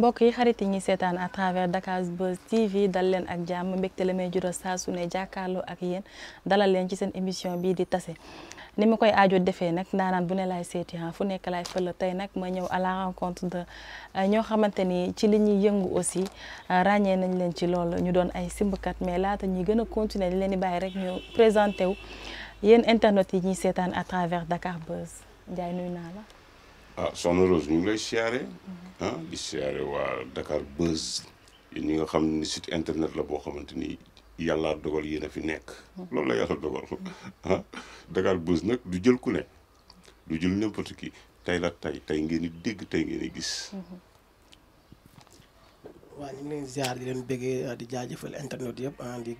bokk yi xarit yi ñuy seetaan à travers Dakar Buzz TV dal leen ak jàmm mbégte la may jural saa su ne jàkkaarloo ak yéen dalal leen ci seen émission bii di tase ni ma koy aajo defee nag naanaan bu ne laay seeti ah fu nekk laay fële tey nag ma ñëw à la rencontre de euh, ñoo xamante ni ci li ñuy yëngu aussi euh, ràññee nañ leen ci lool ñu doon ay simbkat mais laata ñuy gën a continuer leen di bàyyi rek ñu présenté wu yéen internet yi ñuy seetaan à travers Dakar Buzz Ndiaye nuyu naa la. ah soxna Rose ñu ngi lay siyaare ah di siyaare waa Dakar Buzz yéen nga xam ni site internet la boo xamante ni yàllaa dogal yéen a fi nekk loolu la yàlla dogal ah Dakar Buzz nag du jël ku ne du jël n'importe qui tay la tey tey ngeen dégg tey ngeen di gis waaw ñu leen ziar di leen bëggee di jaajëfal internet yëpp ah, di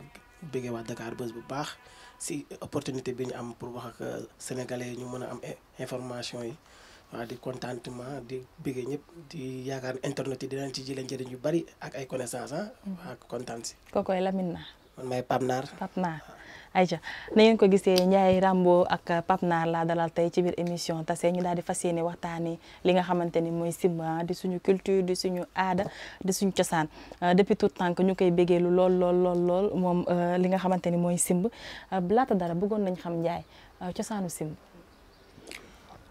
bëggee waa Dakar Buzz bu baax si opportunité bi ñu am pour wax ak euh, sénégalais ñu mën a am information yi waaw di contentement di bëggee ñëpp di yaakaar internet yi dinañ ci jëlee njëriñ yu bari ak ay connaissance ah. Mhm. waaw kontaan si. kookoy Lamine Naar. man maay Pape na ngeen ko gisee Ndiaye Rambo ak Pape Naar laa dalal tey ci biir émission tase ñu daal di fas yéene waxtaanee li nga xamante ni mooy Simba di suñu culture di suñu aada di suñu cosaan euh, depuis tout temps ñu koy bëggee lu lool lool lool moom euh, li nga xamante ni mooy Simb euh, laata dara bëggoon nañ xam Ndiaye cosaanu Simb.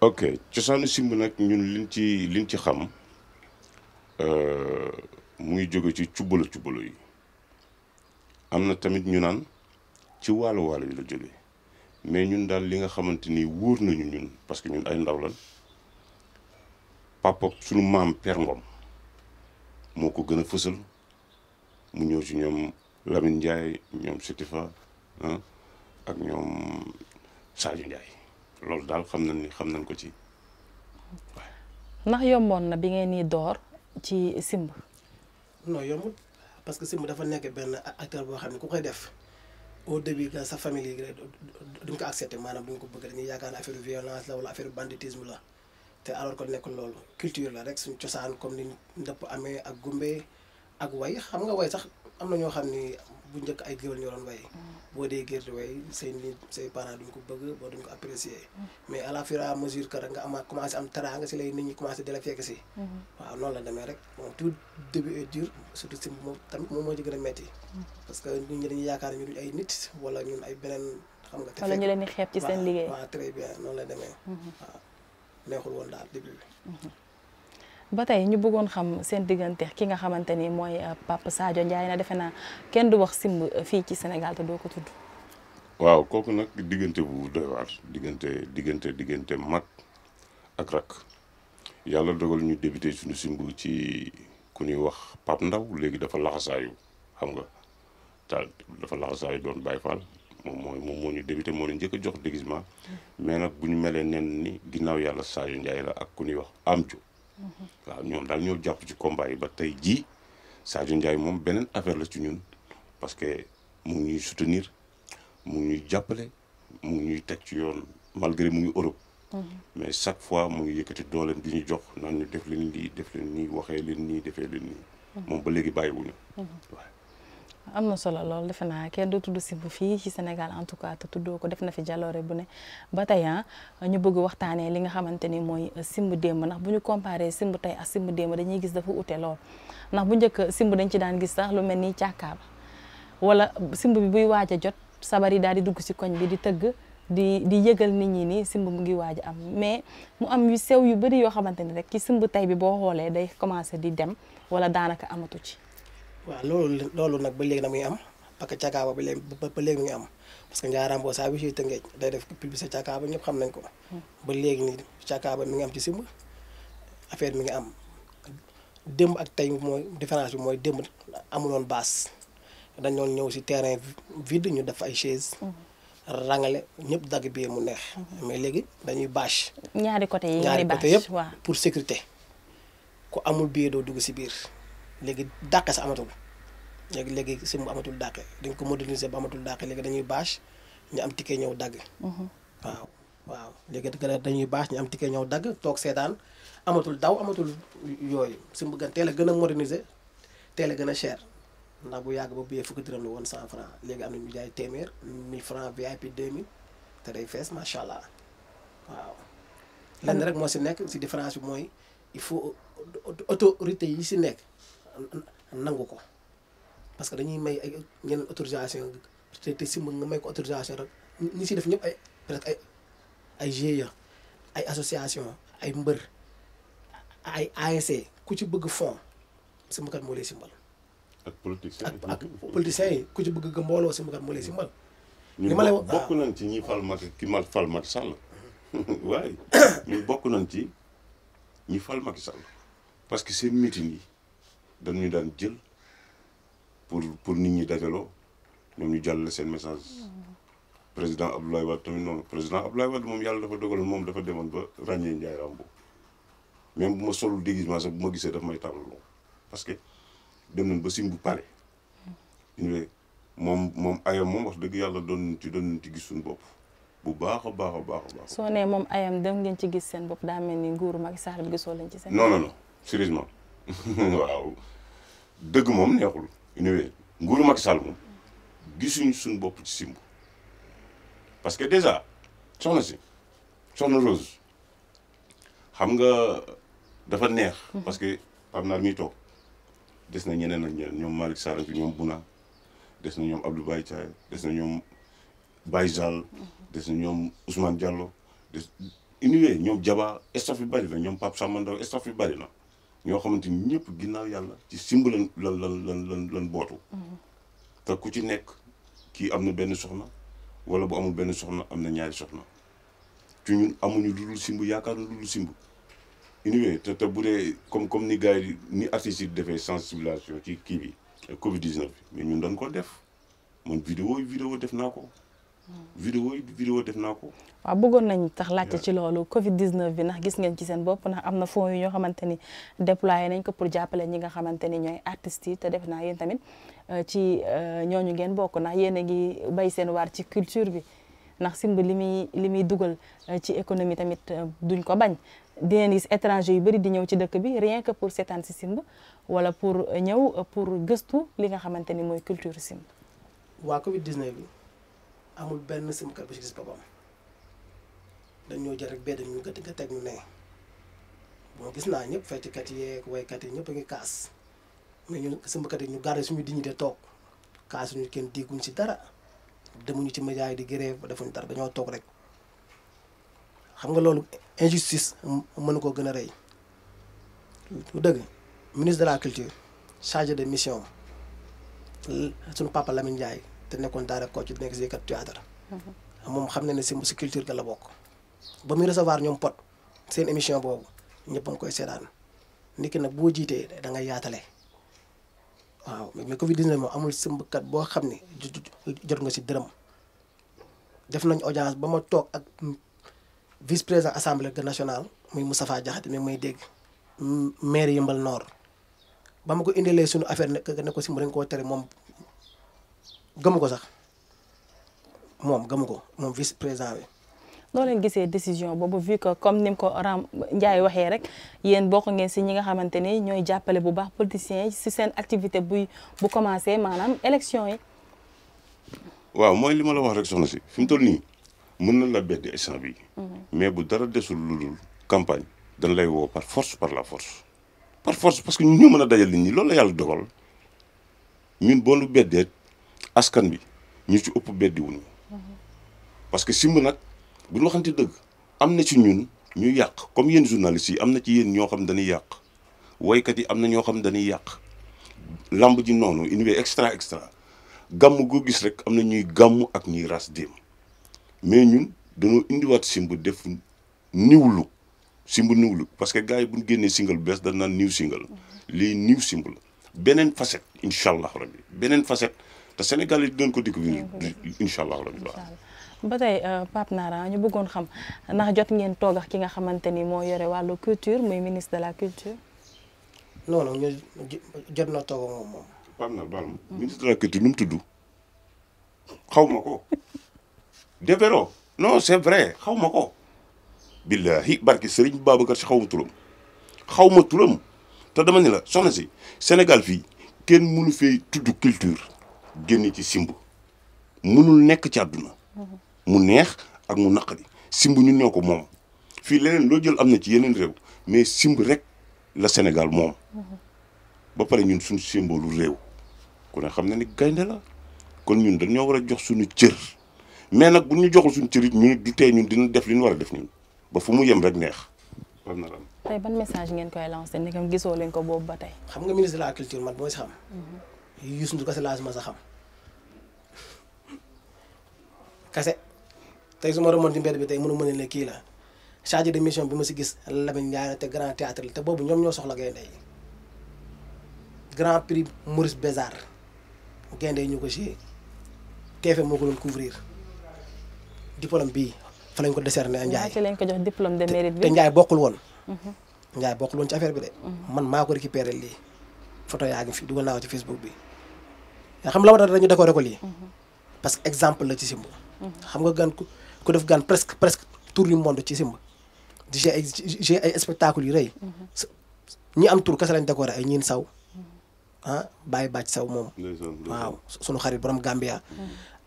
ok cosaanu simb nag ñun liñ ci liñ ci xam euh, muy jóge ci cubbalo cubbalo yi am na tamit ñu naan ci waalo waalo yi la jóge mais ñun daal li nga xamante ni wóor nañu ñun parce que ñun ay ndaw lan papa suñu maam Père Ngom moo ko gën a fësal mu ñëw ci ñoom Lamine Ndiaye ñoom Setifa ah, ak ñoom Sadio Ndiaye loolu daal xam nañ ni xam nañ ko ci ndax yomboon na bi ngeen ni door ci simb non yombul parce que simb dafa nekk benn acteur boo xam ne ku koy def au début que sa famille yi duñ ko accepté maanaam duñ ko bëgg dañuy yaakaar ne affaire violence la wala affaire banditisme la te alors que nekkul loolu culture la rek suñ cosaan comme ni ndëpp amee ak gumbe ak way xam nga way sax am na ñoo xam ni bu njëkk ay géwél ñoo doon way boo dee gerte way say nit say parents duñ ko bëgg boo duñ ko apprécier mais à la fur mesure que nga amaat commencé am teraanga si lay nit ñi commencé di la fekk si mm-hmm. waaw noonu la demee rek bon tout début est surtout si moom moom moo ci gën a metti mm-hmm. parce que nit ñi yaakaar ñu duñ ay nit wala ñun ay beneen xam nga wala ñu leen la demee mm-hmm. waaw neexul woon daal début ba tey ñu bëggoon xam seen diggante ki nga xamante ni mooy euh, Pape Sadio Ndiaye na defe naa kenn du wax simb euh, fii ci Sénégal te doo ko tudd. waaw kooku nag diggante bu doy waar diggante diggante diggante mag ak rak yàlla dogal ñu débuté suñu simb ci ku nuy wax Pape Ndaw léegi dafa laxasaayu xam nga taal dafa laxasaayu doon Baye Fall moom mooy moom moo ñu débuté moo ñu njëkk a jox déguisement mm. mais nag bu ñu melee nen ni ginnaaw yàlla Sadio Ndiaye la ak ku ñuy wax Amthio waaw ñoom daal ñoo jàpp ci combat ba tey jii sa Ndiaye moom beneen affaire la ci ñun parce que mu ngi ñuy soutenir mu ngi jàppale mu ngi teg ci yoon malgré mu ngi Europe. Mm-hmm. mais chaque fois mu ngi yëkkati dooleem di ñu jox naan ñu def leen lii def leen nii waxee leen nii defee leen nii. Mm-hmm. moom ba léegi bàyyiwuñu. Mm-hmm. am na solo lool defe naa kenn du tudd Simb fii ci Sénégal en tout cas te tuddoo ko def na fi jaloore bu ne ba tey ah, ñu bëgg waxtaanee li nga xamante ni mooy euh, Simb démb nax bu ñu comparé Simb tey a Simb démb dañuy gis dafa ute ndax bu njëkk Simb dañ ci daan gis sax lu mel ni càkkaaba wala Simb bi buy waaj jot sabar yi daal di dugg si koñ bi di tëgg di di yëgal nit ñi ni Simb mu ngi waaj am mais mu am yu sew yu bëri yoo xamante ni rek ci Simb tey bi boo xoolee day commencé di dem wala daanaka amatu ci. waaw loolu loolu nag ba léegi na muy am parce que cakaaba ba léegi ba léegi muy am parce que Ndiarame saa bi Tëngéej day def publicité cakaaba ñëpp xam nañ ko. Hmm. ba léegi nii cakaaba mi ngi am affaire mi ngi am démb ak tey mooy différence bi mooy démb amuloon baas dañoon ñëw si terrain vide ñu def ay chaise. Hmm. rangale ñëpp dagg bi mu neex. Hmm. mais léegi dañuy bâche. ñaari côté yi ñaari bâche ñaari yëpp pour sécurité ku amul billet doo dugg si biir. léegi dàqe sa amatul léegi léegi sim bu amatul dàqe dañ ko moderniser ba amatul dàqe léegi dañuy bâche ñu am ticket ñëw dagg. Mhm. waaw waaw léegi dañuy bâche ñu am ticket dagg toog seetaan amatul daw amatul yooyu sim bu gën teel a gën a moderniser teel a gën a chair ndax bu yàgg ba bu yee fukki dërëm la woon cent franc léegi am na ñu jaay téeméer mille franc VIP te day fees macha allah waaw. lenn rek moo si nekk si différence bi mooy il faut autorité yi si nekk. nangu ko parce que dañuy may ay ñeneen autorisation te te simb nga may ko autorisation rek ñi si def ñëpp ay presque ay ay GIE ay association ay mbër ay ASC ku ci bëgg fond simbakat moo lay simbal. ak politiciens yi ku ci bëgg mbooloo simbakat moo lay simbal. li ma lay wax bokk nañ ci ñi fal Macky ki ma fal Macky Sall waaye ñun bokk nañ ci ñi fal Macky Sall parce que seen meeting yi. dañu daan jël pour pour nit ñi dajaloo ñoom ñu jàllale seen message président Abdoulaye Wade tamit noonu président Abdoulaye Wade moom yàlla dafa dogal moom dafa demoon ba ràññee Ndiaye Rambo même bu ma solul déguisement sax bu ma gisee daf may tàllaloo parce que dem ba sim bu pare ñu moom moom ayam moom wax dëgg yàlla doon ci doon ci gis suñu bopp bu baax a baax a baax a baax. soo nee moom ayam dem ngeen ci gis seen bopp daa mel ni nguuru Macky Sall bi gisoo leen ci seen. non non non sérieusement waaw dëgg moom neexul univers nguuru Macky Sall moom gisuñu suñu bopp ci simb parce que déjà soxna si soxna Rose xam nga dafa neex. Mhm. parce que am naa mi toog des na ñeneen ak ñeneen ñoom Malick Sarr ak ñoom Buna des na ñoom Abdou Baye Thiaye des na ñoom Baye Zall mhm. des na ñoom Ousmane Diallo des univers ñoom Jaba staff yu bari na ñoom Pape Samba Ndaw staff yu bari na. ñoo xamante ni ñëpp ginnaaw yàlla ci simb lan lan lan lan lan bootu. te ku ci nekk kii am na benn soxna wala bu amul benn soxna am na ñaari soxna ci ñun amuñu lu dul simb yaakaar lu dul simb. inhibe te te bu dee comme comme ni gars yi ni artistes yi defee ci kii bi Covid 19 mais ñun dañ ko def man vidéo vidéo def naa ko. vidéo yi def naa ko. waaw bëggoon nañ tax laajte ci loolu Covid 19 bi ndax gis ngeen ci seen bopp ndax am na fonds yoo ñoo xamante ni déployé nañ ko pour jàppale ñi nga xamante ni ñooy artistes yi te def naa yéen tamit euh, ci euh, ñooñu ngeen bokk ndax yéen a ngi bay seen waar ci culture bi ndax simb li muy li muy dugal euh, ci économie tamit duñ ko bañ. dinañ gis étranger yu bëri di ñëw ci dëkk bi rien que pour seetaan si simb wala pour ñëw pour gëstu li nga xamante ni mooy culture simb. waa bi. amul benn simkar bu ci gis boppam dañoo jël rek bee ñu nga teg ñu ne boo gis naa ñëpp fecckat yeeg waykat yi ñëpp a ngi kaas mais ñu simkat yi ñu garder suñu dignité toog ñu kenn dégguñ ci dara demuñu ci média yi di grève defuñu dara dañoo toog rek xam nga loolu injustice mënu koo gën a rëy lu dëgg ministre de la culture chargé de mission suñu papa lamin Ndiaye te nekkoon daara kocc nekk si kat théâtre mhm. moom xam na ne si si culture ga ba muy recevoir ñoom pot seen émission boobu ñëpp a ngi koy seetaan nit ki nag boo jiitee da yaatale waaw mais Covid 19 moom boo xam ne jot si dërëm def nañ audience ba ma toog ak vice président assemblée nationale muy Moustapha Diakhaté mi may dégg maire Yeumbeul Nord ba ma ko indilee suñu affaire ne ko si mu dañ koo tere moom gëmu ko sax moom gëmu ko moom vice président leen gisee décision boobu vu que comme ni mu ko Ram Ndiaye waxee rek yéen bokk ngeen si ñi nga xamante ni ñooy jàppale bu baax politiciens yi si seen activité buy bu commencé maanaam élection yi. waaw mooy li ma la wax rek soxna si fi mu toll nii mën na la beddi instant bi mhm. mais bu dara desul lu dul campagne dañ lay woo par force par la force. par force parce que ñun ñoo mën a dajal nit ñi loolu la yàlla dogal ñun boo nu askan bi ñu ci ëpp beddiwuñu parce que simb nag bu ñu waxante dëgg am na ci ñun ñu yàq comme yéen journalistes yi am na ci yéen ñoo xam dañuy yàq woykat yi am na ñoo xam dañuy yàq làmb ji noonu univers extra extra gàmm goo gis rek am na ñuy gàmm ak ñuy ras dem mais ñun dañoo indiwaat simb def niwlu simb niwlu parce que gars yi bu ñu génnee single bees dañ naan new single lii new simb la beneen facette incha allah rabbi beneen facette. te Sénégal yi dinañ ko découvrir incha allah rabi ba tey euh, Pape Nara ñu bëggoon xam ndax jot ngeen toog ki nga xamante ni moo yore wàllu culture muy ministre de la culture. non non ñu jot na toog moom moom. Pape Nara ma xaw ma ko. Devereux non c'est vrai xaw ma ko. billahi barki Serigne Babacar si xaw ma turam xaw ma turam te dama ni la soxna si Sénégal fii kenn mënu fee tudd culture. génn ci simb mënul nekk ci adduna mm-hmm. mu neex ak mu naqari simb ñun ñoo ko moom fii leneen loo jël am na ci yeneen réew mais simb rek la Sénégal moom mm-hmm. ba pare ñun suñ simboolu réew ku ne xam na ni gaynde la kon ñun dañoo war a jox suñu cër mais nag bu ñu joxul suñu cër it ñun du tee ñun dina def li ñu war a def ñun ba fu mu yem rek neex war na la tey ban message ngeen koy lancé ndegam gisoo leen ko boobu ba tey. xam nga ministre de la culture man boo si Youssou Ndour kase laa si ma sa xam kase tey su ma remoon ci mbedd bi tey mënu ma ne kii la chargé de mission bi ma si gis Lamine Ndiaye te grand théâtre la te boobu ñoom ñoo soxla gaynde yi grand prix Maurice Bézard gaynde yi ñu ko ci TFM moo ko doon couvrir diplôme bii fa lañ ko décerné Ndiaye ci lañ bi te Ndiaye bokkul woon mhm. Ndiaye bokkul woon ci affaire bi de mhm. man maa ko récupéré lii photo yaa ngi fi dugal naa ko ci Facebook bi xam la a dañu décorer ko lii mhm. parce que exemple la ci simb mhm. xam nga gan ku def gan presque presque tour du monde ci simb di j j'ai ay spectacle yu rëy mhm. ñi am tour kese lañ décorer ay ñiin saw ah bàyyi saw moom waaw sunu xarit borom Gambia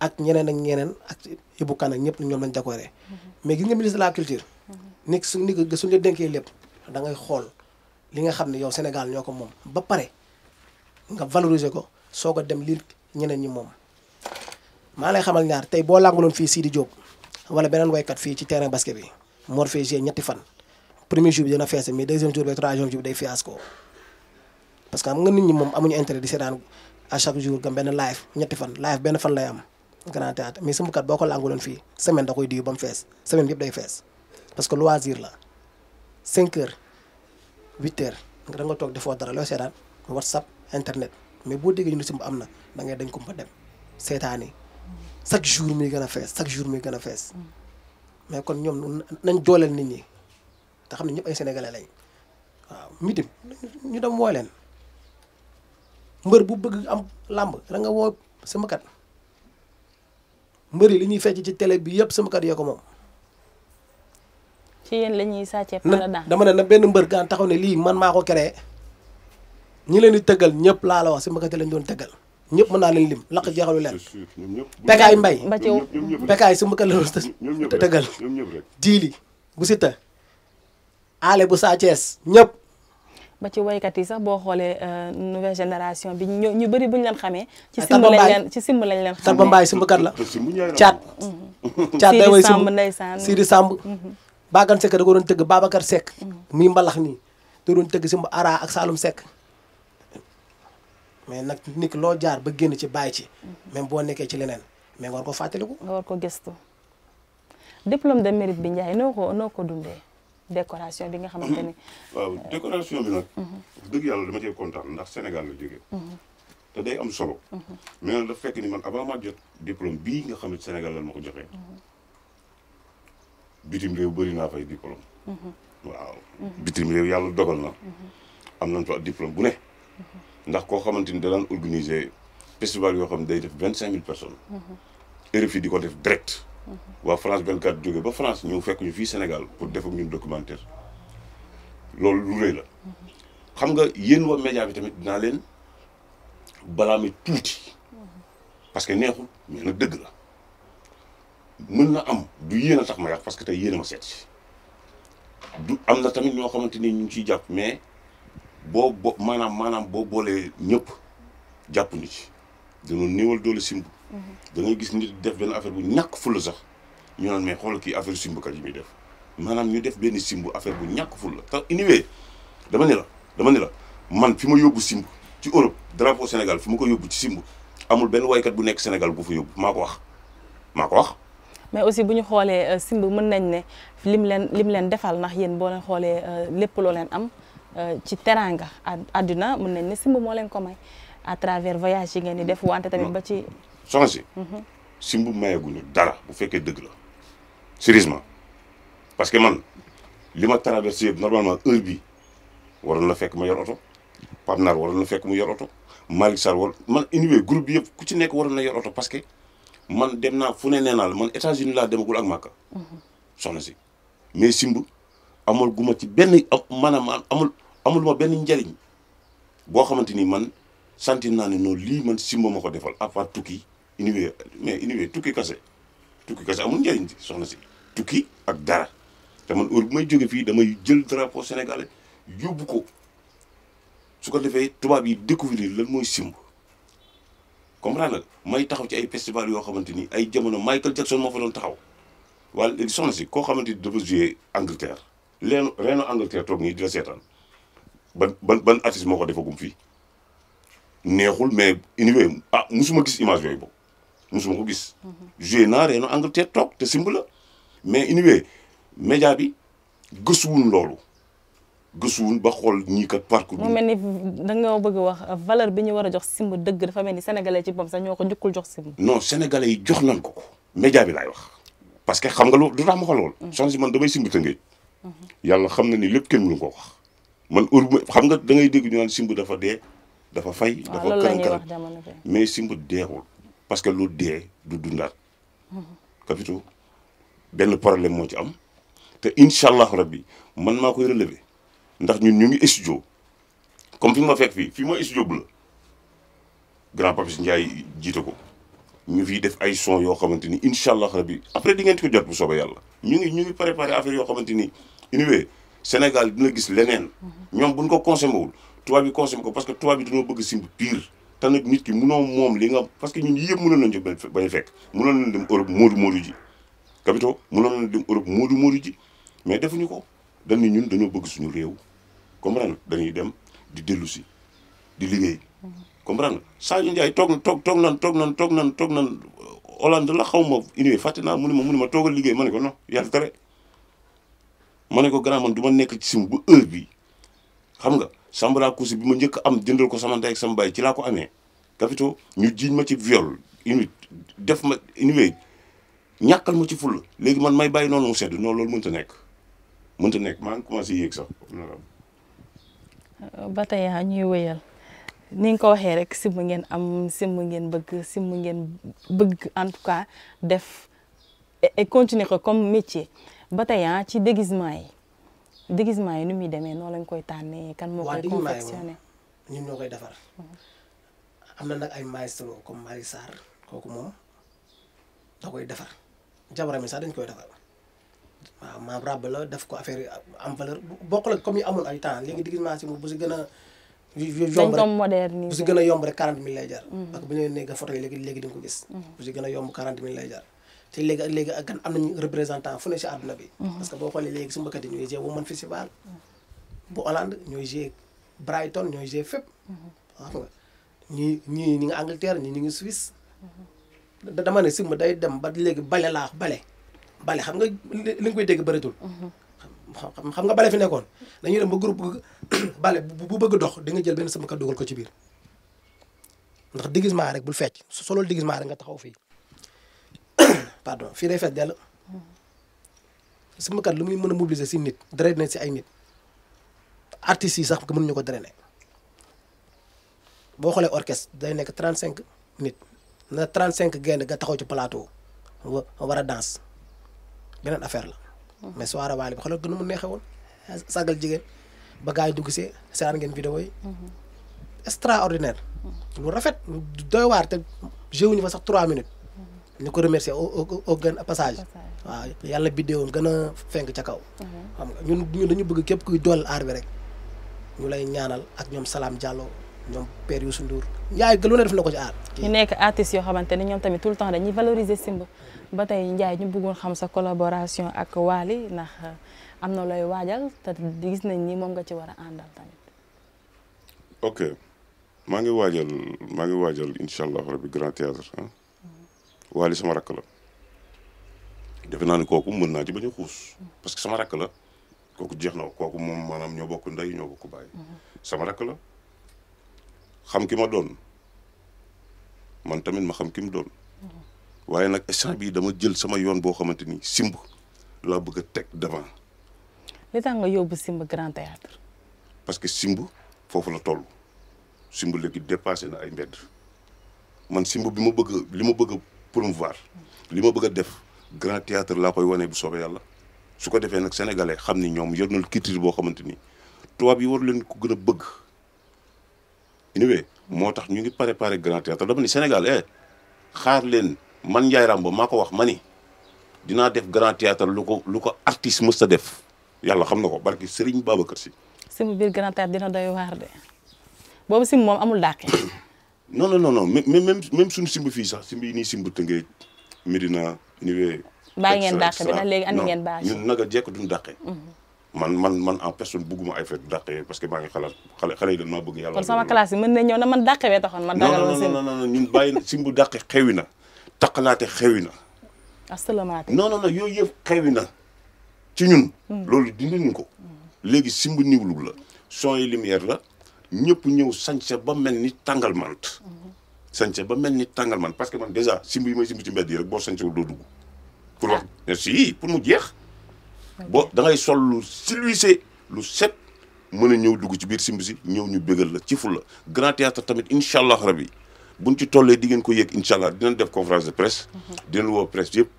ak ñeneen ñeneen ak Ibou Kane ak ñoom lañ décorer mais gis nga ministre la culture nekk su ni ko suñu la dénkee lépp xool li nga xam ne yow Sénégal ñoo ko moom ba pare nga valoriser ko soog a dem lii ñeneen ñi moom maa lay xamal ñaar tey boo làngaloon fii sii Sidi Diop wala beneen waykat fii ci terrain basket bi Mor fee g ñetti fan premier jour bi dina feese mais deuxième jour bi troisième jour bi day fiasco parce que xam nga nit ñi moom amuñu intérêt di seetaan à chaque jour gam benn live ñetti fan live benn fan lay am grand théâtre mais sama kat boo ko làngaloon fii semaine da koy diw ba mu fees semaine bi yëpp day fees parce que loisir la cinq heures huit heures nga toog defoo dara loo seetaan whatsapp internet mais boo déggee ñu ne simb am na da ngay dañ ko dem seetaani chaque jour muy gën a fees chaque jour muy gën a fees mais kon ñoom nañ dooleel nit ñi te xam ay sénégalais lañ waaw mitim ñu dem bu bëgg làmb da woo sëmbakat mbër yi li fecc ci télé bi yëpp sëmbakat yoo ko moom. ci yéen la ñuy sàccee dama ne na benn mbër gaan taxaw ne lii man maako ko ñi leen di tëggal ñëpp laa la wax si Mbacké lañ doon tëggal ñëpp mën naa leen lim laq jeexalu leen pekaay mbay pekaay si Mbacké la doon tëggal diili bu Siteu aale bu Sa ñëpp ba ci waykat yi sax boo xoolee euh, nouvelle génération bi ñu ñu bëri bu ñu leen xamee. ci ah, simb lañ leen ci simb lañ leen xamee Tarba Mbaye simb kat la. caat caat mhm. day way simb Sidi Samb mhm. Bagan Seck da ko doon tëgg Babacar sekk mhm. muy mbalax nii da doon tëgg simb Ara ak Saloum Seck. mais nag nit loo jaar ba génn ci bàyyi ci. même boo nekkee ci leneen mais nga war ko fàttaliku. nga war ko gëstu diplôme de mérite bi Ndiaye noo ko noo ko dundee décoration bi nga xamante ni. waaw décoration bi nag. dëgg yàlla dama cee kontaan ndax Sénégal la jógee. Mm-hmm. te day am solo. Mm-hmm. mais nag dafa fekk ni man avant maa jot diplôme bii nga xam ne Sénégal lan ma ko joxee. Mm-hmm. bitim réew bëri naa fay diplôme. waaw bitim réew yàlla dogal na. am nañ fa bu ne. ndax koo xamante ni danaan organiser festival yoo xam ne day def vingt cinq mille personnes. RFI di ko def direct. waa France 24 jóge ba France ñëw fekk ñu fii Sénégal pour def ak ñun documentaire loolu lu rëy la. xam nga yéen waa média bi tamit naa leen balaame tuuti. parce que neexul mais nag dëgg la mën na am du yéen a tax ma yàq parce que tey yéen ma seet du am na tamit ñoo xamante ni ñu ngi ciy jàpp mais. boo bo maanaam maanaam boo boolee ñëpp jàpp ñu ci dañoo néewal doole simb. Mhm. da gis nit def benn affaire bu ñàkk fulla sax ñu naan mais xool kii affaire simbkat yi muy def maanaam ñu def benn simb affaire bu ñàkk fulla te anyway dama ne la dama ne man fi ma yóbbu simb ci Europe drapeau Sénégal fi ma ko yóbbu ci simb amul benn waykat bu nekk Sénégal bu fa yóbbu maa ko wax maa ko wax. mais aussi bu ñu xoolee euh, simb mën nañ ne lim leen lim leen defal ndax yéen boo leen xoolee euh, lépp loo leen am. Euh, ci teraanga àdduna mën nañ ne simb moo leen ko may à travers voyage yi ngeen di def wante tamit ba ci. changé. Mhm. simb mayaguñu dara bu fekkee dëgg sérieusement parce que man li ma traversé yëpp normalement heure bi waroon na fekk ma yor oto Pape fekk mu yor oto Malick Sarr man anyway groupe bi yëpp ku ci nekk waroon na yor oto parce que man dem naa fu ne nee naa la man États-Unis laa demagul ak Màkka. Mhm. soxna si mais simb. amul guma ci benn maanaam amul amul ma benn njariñ boo xamante ni man sentir naa ne noonu lii man simba ma ko defal à part tukki uniwee mais uniwee tukki kase amul njariñ si soxna si tukki ak dara te man heure may jóge fii damay jël drapeau sénégalais yóbbu ko su ko defee tubaab yi découvrir lan mooy simb comprendre nga may taxaw ci ay festival yoo xamante ni ay jamono Michael Jackson moo fa doon taxaw wala léegi soxna si koo xamante ni dafa joué Angleterre leen reenu Angleterre toog nii di la seetaan ban ban ban artiste moo ko defagum fii neexul mais univers ah musuma gis image yooyu boobu musuma ko gis. Mhm. joué naa reenu Angleterre toog te simb la mais univers média bi gëstuwuñ loolu. gësuwul ba xool ñii kat parcours bi. mu mel ni da nga bëgg wax valeur bi ñu war a jox simb dëgg dafa mel ni sénégalais ci boppam sax ñoo ko njëkkul jox simb. non sénégalais yi jox nañ ko ko. média bi laay wax parce que xam nga lu du tax ma lool. Mm. soxna si man yàlla xam na ni lépp kenn mënu ko wax. man heure xam nga da ngay dégg ñu naan simb dafa dee. dafa fay ah, dafa karan karan mais simb deewul parce que lu dee du dundaat. Capito mhm. benn problème moo ci am te incha allahu rabbi man maa koy relever ndax ñu ñu ngi studio comme fi ma fekk fii fii mooy studio bu la grand Papis Ndiaye jiite ko. ñu fiy def ay son yoo xamante ni incha allah rabi après di ngeen ko jot bu soobee yàlla ñu ngi ñu ngi préparé affaire yoo xamante ni anyway dina gis leneen. ñoom buñ ko consommé wul tubaab ko parce que tubaab bi dañoo bëgg simb pire. te nit ki munoo moom li nga parce que ñun yëpp mënoon nañu bañ bañ fekk mënoon nañu dem Europe moodu moodu ji. capito mënoon nañu dem Europe moodu moodu ji mais defuñu ko dañ ni ñun dañoo bëgg suñu réew comprendre dañuy dem si di liggéey. comprendre nga Sadio Ndiaye toog na toog toog nan toog nan toog nan toog nan Hollande la xaw ma uniwe fàtte naa mu ne ma mu ne ma toogal liggéey ma ko non yàlla tere ma ne ko grand man du ma nekk ci sim bu bi xam nga sambara bi ma njëkk am jëndal ko sama ndey sama baay ci laa ko amee capito ñu jiiñ ma ci viol inuit def ma uniwe ñàkkal ma ci ful léegi man may bàyyi noonu mu sedd noonu loolu mënta nekk mënta nekk maa ngi commencé yéeg sax ba tey ah, ñuy wéyal ni nga ko waxee rek simb ngeen am simb ngeen bëgg simb ngeen bëgg en tout cas def et continuer ko comme métier ba tey ah, ci déguisement yi déguisement yi nu muy demee noo lañ koy tànnee. kan moo koy confectionné ñun ñoo koy defar. am na nag ay maestro comme Marie Sarr kooku moom da defar jabaram yi sax dañ koy defar waaw maam ràbb la def ko affaire am valeur bokkul ak comme yi amul ay temps léegi déguisement si mu bu si gën a. yomb rek bu si gën a yomb rek 40 mille lay jar ak bu ñu nee nga photo yi léegi léegi di nga bu si gën a yomb 40 mille lay jar te léegi ak gan am nañu représentant fu ne si àdduna bi mm-hmm. parce que boo xoolee léegi su mbëkkat ñooy jouer Women Festival mm-hmm. bu Hollande ñooy jouer Brighton ñooy jouer fépp mm-hmm. ñii ñii ñi ngi ñii ñu ngi Suisse dama ne simb day dem ba léegi bale laa bale bale xam nga li nga koy dégg bëreetul xam nga bale fi nekkoon dañuy dem ba groupe bale bu bëgg dox di nga jël benn sëmmkat dugal ko ci biir ndax déguisement rek bul fecc su solool déguisement rek nga taxaw fii pardon fii day fees dell sëmmkat mm-hmm. lu muy mën a mobiliser si nit drainer si ay nit artistes yi sax ñu ko drainer boo xoolee orchestre day nekk trente cinq nit na trente cinq gaynde ga taxaw ci palaato war a danse beneen affaire la mais soirée waale bi xoolal gën a mu neexee woon sargal jigéen ba gars yi dugg see seetaan ngeen vidéo yi mm-hmm. extraordinaire mm-hmm. lu rafet lu doy waar te jéewu ñu fa sax trois minutes mm-hmm. ñu ko remercier au au gën passage waaw yàlla biddéewam gën a fenk ca kaw xam nga ñun dañu bëgg képp kuy dool aar bi rek ñu lay ñaanal ak ñoom salaam Diallo donc père Youssou Ndour Ndiaye gëlu def na ko ci aar. ñu nekk artistes yoo xamante ne ñoom tamit tout le temps dañuy valoriser simb ba tey njaay ñu bëggoon xam sa collaboration ak Wally ndax euh, am na looy waajal te gis nañ ni moom nga ci war a àndal tamit. ok maa ngi waajal maa ngi waajal incha allah rabi grand théâtre ah. Wally sama rakk la. defe naa ne kooku mën naa ci bañ a xuus. parce que sama rakk la kooku jeex na kooku moom maanaam ñoo bokk ndey ñoo bokk bàyyi. Mm-hmm. sama rakk la. xam ki ma doon man tamit ma xam ki mu doon waaye nag instant bii dama jël sama yoon boo xamante ni simb laa bëgg a teg devant. li tax nga yóbbu simb grand théâtre parce que simb foofu la toll simb léegi dépassé na ay mbedd man simb bi ma bëgg li ma bëgg pour a promouvoir li ma bëgg a def grand théâtre laa koy wane bu soobee yàlla su ko defee nag sénégalais xam ni ñoom yor na culture boo xamante ni tubaab yi war leen ko gën a bëgg. ñëwee moo tax ñu ngi préparé grand théâtre dama ni Sénégal eh xaar leen man Ndiaye Rambo maa ko wax ma ni dinaa def grand théâtre lu ko lu ko artiste mës a def yàlla xam na ko barki Serigne Babacar Sy. Sim biir grand théâtre dina doy waar de boobu Sim moom amul dàqe. non non non même même suñu simb fii sax simb yi nii simb Tëngéej Medina ñëwee. bàyyi ngeen dàqe bi ndax léegi andi ngeen bâche. ñun naka jekk duñu dàqe. Mhm. man man man en personne bëgguma ay fet dàqee parce que maa ngi xalaat xale xale yi dañ maa bëgg yàlla kon sama classe yi mën na ñëw na man dàqe wee taxoon man dagal non na taqalaate xewi na asalaamaaleykum non non non yooyu yëpp xewi na ci ñun hmm. loolu dindi ñu ko hmm. léegi simbu niwlug la son yi lumière la ñëpp ñëw sañse ba mel ni tàngal mant hmm. sañse ba mel ni tàngal mant parce que man déjà simbu yi may simbu ci mbedd yi rek boo sañsewul doo dugg pour ah. merci pour mu jeex boo da ngay sol lu silwise lu set mën a ñëw dugg ci biir simb si ñëw ñu bégal la ci ful la grand théâtre tamit incha allah rabi buñ ci tollee di ngeen ko yëg incha allah dinañ def conférence de presse. Mhm. dinañ woo presse yëpp.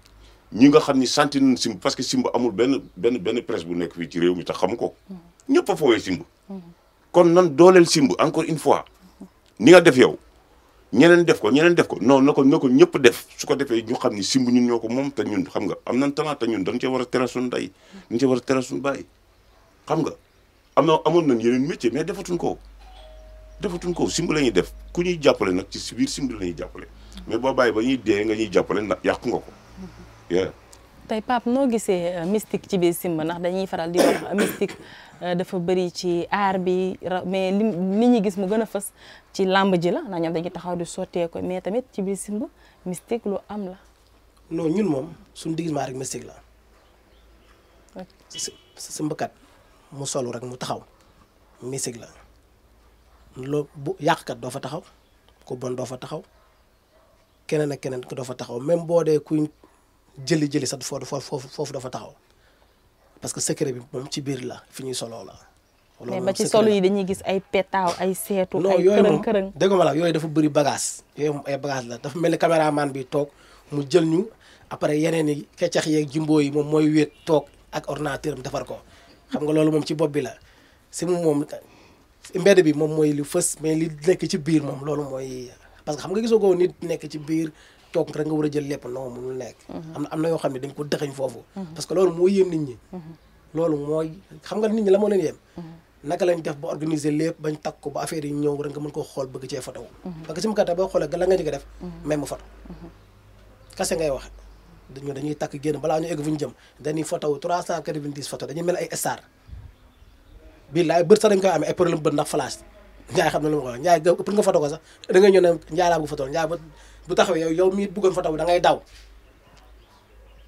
ñi nga xam ni santi nañ simb parce que simb amul benn benn benn presse bu nekk fii ci réew mi te xam ko. Mhm. ñëpp a foowee simb. Mhm. kon nan dooleel simb encore une fois ni nga def yow. ñeneen def ko ñeneen def ko non na ko na ko ñëpp def su ko defee ñu xam ni simb ñun ñoo ko moom te ñun xam nga am nañ talent te ñun dañ cee war a teral suñu ndey dañ cee war a teral suñu xam nga am na amoon nañ yeneen métier mais defatuñ ko defatuñ ko simb la ñuy def ku ñuy jàppale nag ci biir simb la ñuy jàppale mais boo bàyyi ba ñuy dee nga ñuy jàppale na yàqu nga ko tey Pape noo gisee euh, mystique ci biir simb ndax dañuy faral di wax euh, euh, dafa bari ci aar bi mais li ñuy gis mu gën a fës ci làmb ji la ndax ñoom dañuy taxaw di sottee ko mais tamit ci biir simb mystique lu am la. non ñun moom suñu diggement rek mystique la. simbkat mu solu rek mu taxaw mystique la loo bu yàqkat doo fa taxaw ku bon doo fa taxaw keneen ak keneen doo fa taxaw même boo dee kuñ jëli jëli sax foofu foofu foofu dafa taxaw parce que secret bi moom ci biir la fi ñuy soloo la. loolu mais ba ci solo yi dañuy gis ay petaaw ay seetu. ay kërën kërën non yooyu la yooyu dafa bëri bagage. yooyu moom ay bagage la dafa mel ni caméraman bi toog mu jël ñu après yeneen yi keccax yeeg jimbo yi moom mooy wéet toog ak ordinateur am defar ko xam nga loolu moom ci bopp bi la si mu moom mbedd bi moom mooy lu fës mais li nekk ci biir moom loolu mooy parce que xam nga gisoo ko nit nekk ci biir toog rek nga war a jël lépp non mënul nekk. Mhm. am na am na yoo xam ne dañ ko dëxañ foofu. Mhm. parce que loolu moo yéem nit ñi. Mhm. loolu mooy xam nga nit ñi la moo leen yéem. naka lañ def ba organiser lépp bañ takk ko ba affaire yi ñëw rek nga mën koo xool bëgg cee foto. parce que su ma kat boo xoolee la nga a Njaay xam na lu ma ko Njaay laa bëgg foto Njaay bu taxaw yow yow mii bugga fa taw da ngay daw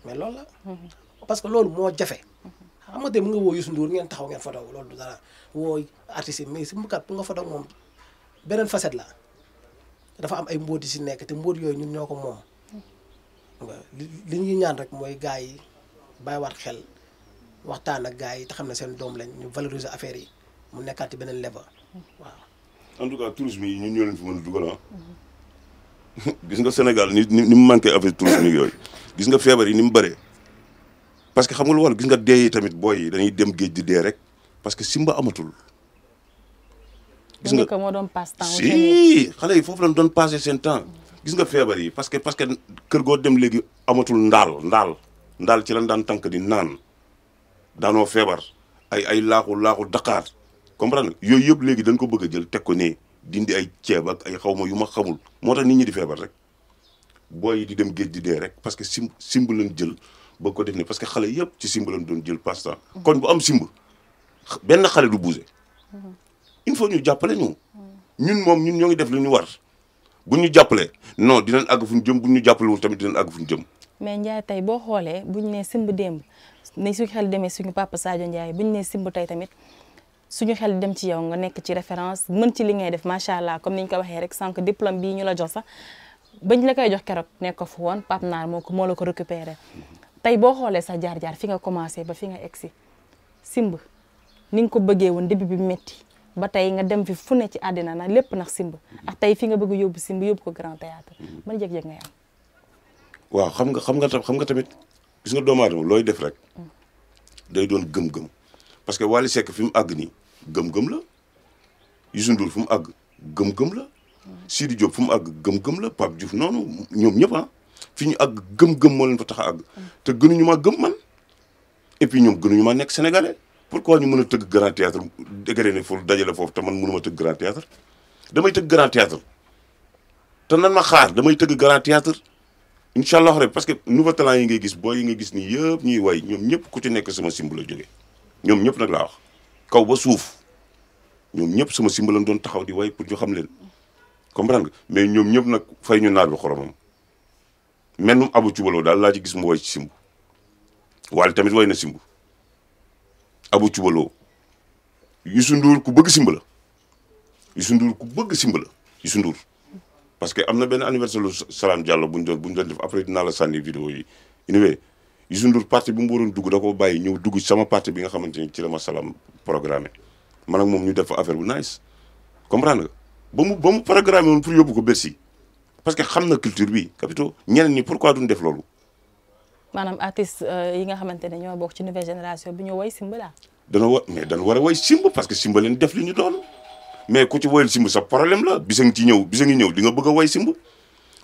mais loolu la. Mhm. parce que loolu moo jafe. xam nga tey mu nga woo Youssou Ndour ngeen taxaw ngeen fa taw loolu du dara woo artiste mais si mbukat bu nga fa moom beneen facette la dafa am ay mbóot yi si nekk te yooyu ñun ñoo ko moom. li ñuy ñaan mooy gars yi bàyyiwaat xel waxtaan ak gars yi te xam ne seen doom lañ ñu valoriser affaire yi mu nekkaat ci beneen level mhm. waaw. en tout cas tourisme yi ñun ñoo fi mën a dugal ah. mhm. gis nga Sénégal ni ni mu manqué affaire tourisme yooyu gis nga feebar yi ni mu bëree parce que xam nga lu war gis nga dee tamit booy yi dañuy dem géej di dee rek parce que simba amatul. gis nga moo doon passe xale yi foofu lañ doon passé seen temps gis nga feebar yi parce que parce que kër goo dem léegi amatul ndaal ndaal ndaal ci lañ daan tànk di naan daanoo feebar ay ay laaxu laaxu Dakar comprendre yooyu yëpp léegi dañ ko bëgg a jël teg nii. dindi ay ceeb ak ay ma yu ma xamul moo tax nit ñi di feebar rek booy yi di dem géej di dee rek parce que sim simb lañ jël boo ko def ne parce que xale yëpp ci simb lañ doon jël passe temps mm. kon bu am simb benn xale du bouger mm-hmm. il faut ñu jàppale ñu mm. ñun moom ñun ñoo def lu ñu war bu ñu jàppale non dinañ àgg fu ñu jëm bu ñu jàppalewul tamit dinañ àgg fu ñu jëm mais Ndiaye tey boo xoolee bu ñu nee simb démb ne suñu xel demee suñu papa Sadio Ndiaye bu ñu nee simb tey tamit suñu xel dem ci yow nga nekk ci référence mën ci li ngay def macha allah comme ni ñu ko waxee rek sànq diplôme bii ñu la jox sax bañ la koy jox keroog nekk ko fu woon Pape Naar moo ko moo la ko récupéré tey boo xoolee sa jaar-jaar fi nga commencé ba fi nga egg si simb ni nga ko bëggee woon début bi métti ba tey nga dem fi fu ne ci àddina nag lépp nax simb ak tey fi nga bëgg yóbbu simb yóbbu ko grand théâtre man yëg-yëg ngay am. waaw xam nga xam nga xam nga tamit gis nga doomu aadama looy def mm. parce que Wally Seck fi mu àgg nii. gëm-gëm la Youssou Ndour fu mu àgg gëm-gëm la Sidi Diop fu mu àgg gëm-gëm la Pape Diouf noonu ñoom ñëpp ah fi ñu àgg gëm-gëm moo leen fa tax a àgg te gënuñu maa gëm man et puis ñoom gënuñu maa nekk sénégalais pourquoi ñu mën a tëgg grand théâtre dégare ne foofu dajale foofu te man mënuma tëgg grand théâtre damay tëgg grand théâtre te nan ma xaar damay tëgg grand théâtre incha rek parce que nouveau talent yi ngay gis booy yi ngay gis nii yëpp ñuy way ñoom ñëpp ku ci nekk sama simb la jógee ñoom ñëpp nag laa wax kaw ba suuf ñoom ñëpp sama simba lañ doon taxaw di way pour ñu xam leen comprendre nga mais ñoom ñëpp nag fay ñu naar bi xoromam mennum abu cubaloo daal laa ci gis mu way ci simb waale tamit way na simbu abu cubaloo Youssou Ndour ku bëgg simbala la Youssou Ndour ku bëgg parce que am na benn anniversaire lu Salam Diallo buñ doon buñ doon def après dinaa la sanni vidéo yi anyway Youssou Ndour parti bi mburu waroon dugg da ko bàyyi ñëw dugg sama parti bi nga xamante ni ci la ma salaam programmé man ak moom ñu def affaire bu nice comprendre nga ba mu ba mu programmé woon pour yóbbu ko Bercy parce que xam na culture bi capito ñeneen ñi pourquoi duñ def loolu. maanaam artiste euh, yi nga xamante ne ñoo bokk ci nouvelle génération bi ñoo woy simba laa. dana wa mais war a simba parce que simba leen def li ñu doon mais ku ci woyal simba sa problème la bisa ngi ci ñëw bisa ngi ñëw di nga bëgg a woy simba.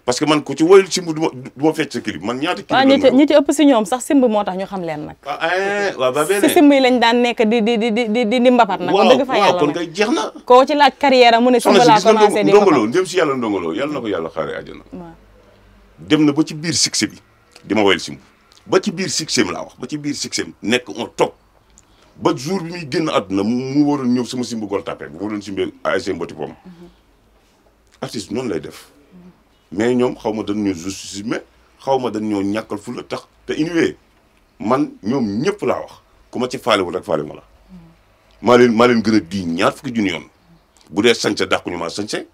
parce que man ku ci woyul simb du ma du ma fecc sa clip man ñaata. clip lañ waaw ñi ci ëpp si ñoom sax simb moo tax ñu xam leen nag. Ah, eh, waaw ba beneen si simb yi lañ daan nekk di di di di di di mbapat nag. dëgg fa yàlla waaw kon kay jeex na. koo ci laaj carrière mu ne simb laa commencé di ndongolo ndem si yàlla ndongolo yàlla na ko yàlla xaaree àjjana. waaw dem na ba ci biir succès bi di ma woyal simb ba ci biir succès mi laa wax ba ci biir succès mi nekk on top. ba jour bi muy génn àdduna mu waroon ñëw sama simb gol tapé bu waroon simb ay seen boti pom artiste noonu lay def mais ñoom xaw ma dañu ñoo justice mais xaw ma dañ ñoo ñàkkal fu tax te inhibe man ñoom ñëpp laa wax ku ma ci faalewul rek faale ma la. maa gën a di ñaar fukki junni yoon bu dee sañse dàqu ñu maa sañse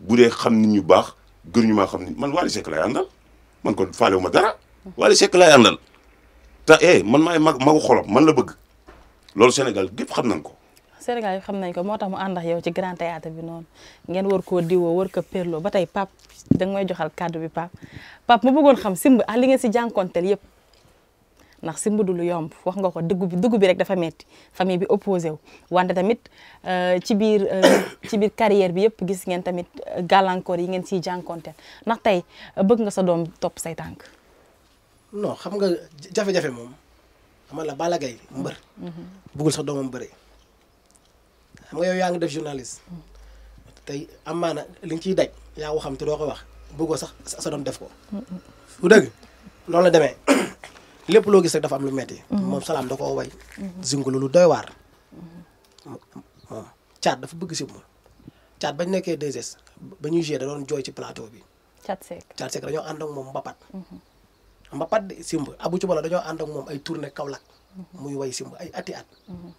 bu dee xam ni ñu baax gën ñu maa xam nit man Wally Seck laay àndal man kon faalewu ma dara Wally Seck laay àndal te eh man maay mag magu xolam man la bëgg loolu Sénégal gépp xam nañ ko. Sénégal yi xam nañ ko moo tax mu ànd yow ci grand théâtre bi noonu ngeen war koo diwoo war ko perloo ba tey Pape danga may joxal kàddu bi Pape Pape ma bëggoon xam simb ah li ngeen si jànkonteel yëpp ndax simb du yomb wax nga ko dugg bi dugg bi rek dafa metti famille bi opposé wu wante tamit euh, ci biir euh, ci biir carrière bi yëpp gis ngeen tamit euh, gàllankoor yi ngeen siy jànkonteel ndax tey bëgg nga sa doom topp say tànk. non xam nga jafe-jafe moom xam la Balla Gaye mbër. Mm-hmm. bëggul sa xam nga yow yaa ngi def journaliste li nga ciy daj yaa ko xam te doo ko wax bëggoo sax sa doom def ko. bu dëgg noonu la demee lépp loo gis rek dafa am lu metti moom salaam da koo way. zingulu lu doy waar. moom dafa bëgg si moom ba bañ nekkee 2S ba ñuy joué da doon jooy ci plateau bi. caat sec caat sec dañoo ànd ak moom mbapat. Mhm. mbapat de simb abu ci bala dañoo ànd moom ay tournée Kaolack. Mhm. muy way simb ay ati at. Mhm.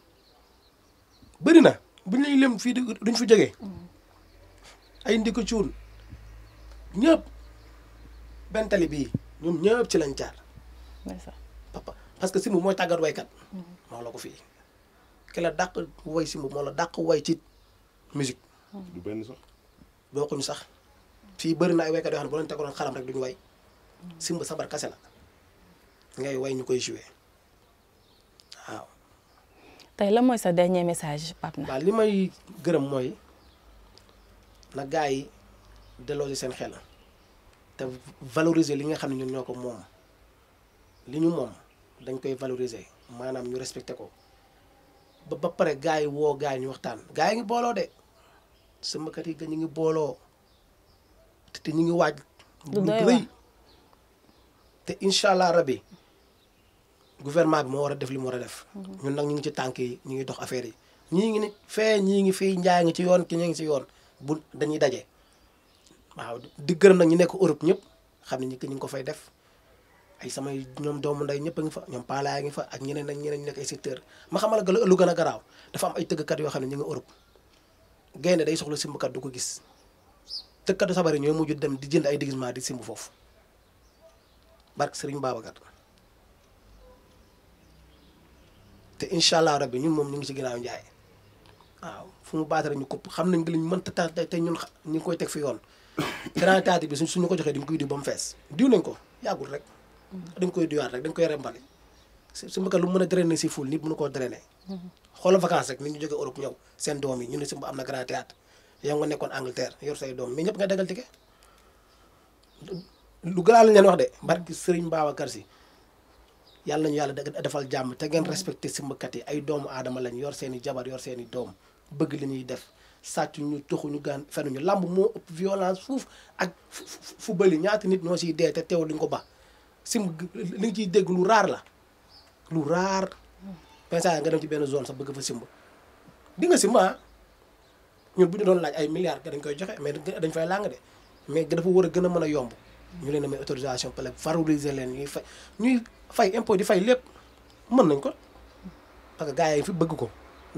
bëri na. buñ lay lëm fii duñ fi jógee mm. ay ndiko cuun ñëpp benn tali bii ñoom ñëpp ci lañ jaar papa parce que simbu mooy tàggat waykat mm. moo la ko fii ki la dàq way simbu moo la dàq way ci musique mm. du benn sax bokkuñ sax fii bëri na ay waykat yoo xam ne bu leen tegoon xalam rek duñu way simbu sabar kase la ngay way ñu koy joué waaw tey la mooy sa dernier message Pape Nar. waaw li may gërëm mooy na gars yi delloo si seen xel te valoriser li nga xam ne ñun ñoo ko moom li ñu moom dañ koy valoriser maanaam ñu respecté ko ba ba pare gars yi woo gaa yi ñu waxtaan gaa yi ngi booloo de sama sëmmkat yi ñu ngi booloo te ñu ngi waaj. du doy te incha allah rabi. gouvernement bi moo war a def li war a def. ñun nag ñu ngi ci tànk yi ñu ngi dox affaire yi ñii ngi ni fee ñii ngi fii njaay ngi ci yoon ki ñu ngi ci yoon bu dañuy daje waaw di gërëm nag ñu nekk Europe ñëpp xam ne ñu ngi ko fay def ay samay ñoom doomu nday ñëpp fa ñoom paalaay ngi fa ak ñeneen ak ñeneen ñu nekk ay ma xamal la lu gën a garaaw dafa am ay tëggkat yoo xam ne ñu ngi Europe gaynde day soxla simbkat du ko gis tëggkatu sabar yi ñooy mujj dem di jënd ay déguisement di simb foofu barke Serigne Babacar te incha allah rabbi ñun moom ñu ngi si ginnaaw Ndiaye waaw fu mu baatara ñu kopp xam nañ li ñu mën ta te ñun ñu koy teg fi yoon grand théâtre bi suñ ko joxee dañ koy diw ba mu ko yàggul rek mm-hmm. dañ koy diwaat rek dañ su mbaka lu mën a drainer si ful nit mënu koo drainer mm-hmm. xoola vacances rek nit ñu jógee Europe ñëw seen doom yi ñu ne simba am na lu gëlaal lañ leen wax de barki Serigne Babacar Si yàlla nañu yàlla defal jàmm te ngeen respecté simbkat yi ay doomu aadama lañ yor seeni jabar yor seeni doom bëgg li ñuy def sàcc ñu toxu ñu gaan ñu làmb moo ëpp violence fuuf ak fu bëli ñaata nit ñoo siy dee te teew duñ ko ba sim li nga ciy dégg lu raar la lu raar pensa nga dem ci benn zone sax bëgg fa simb di nga simba ah. ñun bu ñu doon laaj ay milliards dañ koy joxe mais dañ fay làng de mais dafa war a gën a mën a yomb ñu leen a may autorisation peut-être favoriser leen ñuy fay ñuy fay impôt di fay lépp mën nañ ko parce que gars yi fi bëgg ko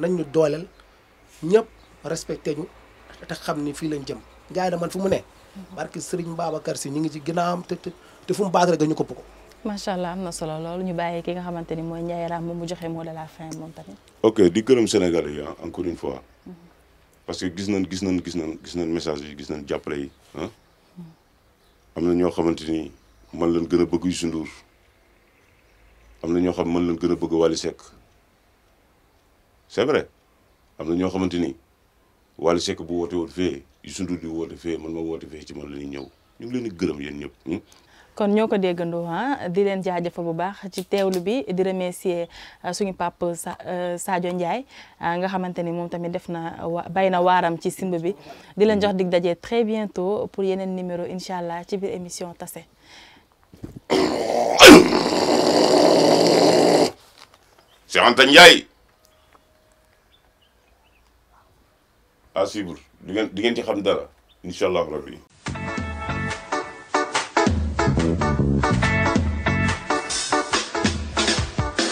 nañ ñu dooleel ñëpp respecté ñu te xam ni fii lañ jëm gars yi da man fu mu ne. barke Serigne Babacar si ñu ngi ci ginnaawam te te fu mu baag rek ñu ko ko. macha allah am na solo loolu ñu bàyyi ki nga xamante ni mooy Ndiaye Ramb moom mu joxe mot de la fin moom tamit. ok di gërëm Sénégal yi encore une fois. parce que gis nañ gis na gis na gis nañ message yi gis nañ jàppale yi am na ñoo xamante ni man leen gën a bëgg Youssou Ndour am na ñoo xam man leen gën a bëgg Wally Seck c'est vrai am na ñoo xamante ni Wally Seck bu woote woon fee yu Ndour di woote fee man ma woote fee ci man la ñuy ñëw ñu ngi leen gërëm yéen ñëpp. Hmm? kon ñoo ko déggandoo ah di leen jaajëfal bu baax ci teewlu bi di remercier ah, suñu papa euh, Sadio Ndiaye ah, nga xamante ni moom tamit def na wa bay na waaram ci simb bi di leen jox dig daje très bientôt pour yeneen numéro incha allah ci biir émission Tassé. Cheikh Anta Ndiaye. à suivre di ngeen ci xam dara incha allah rabbi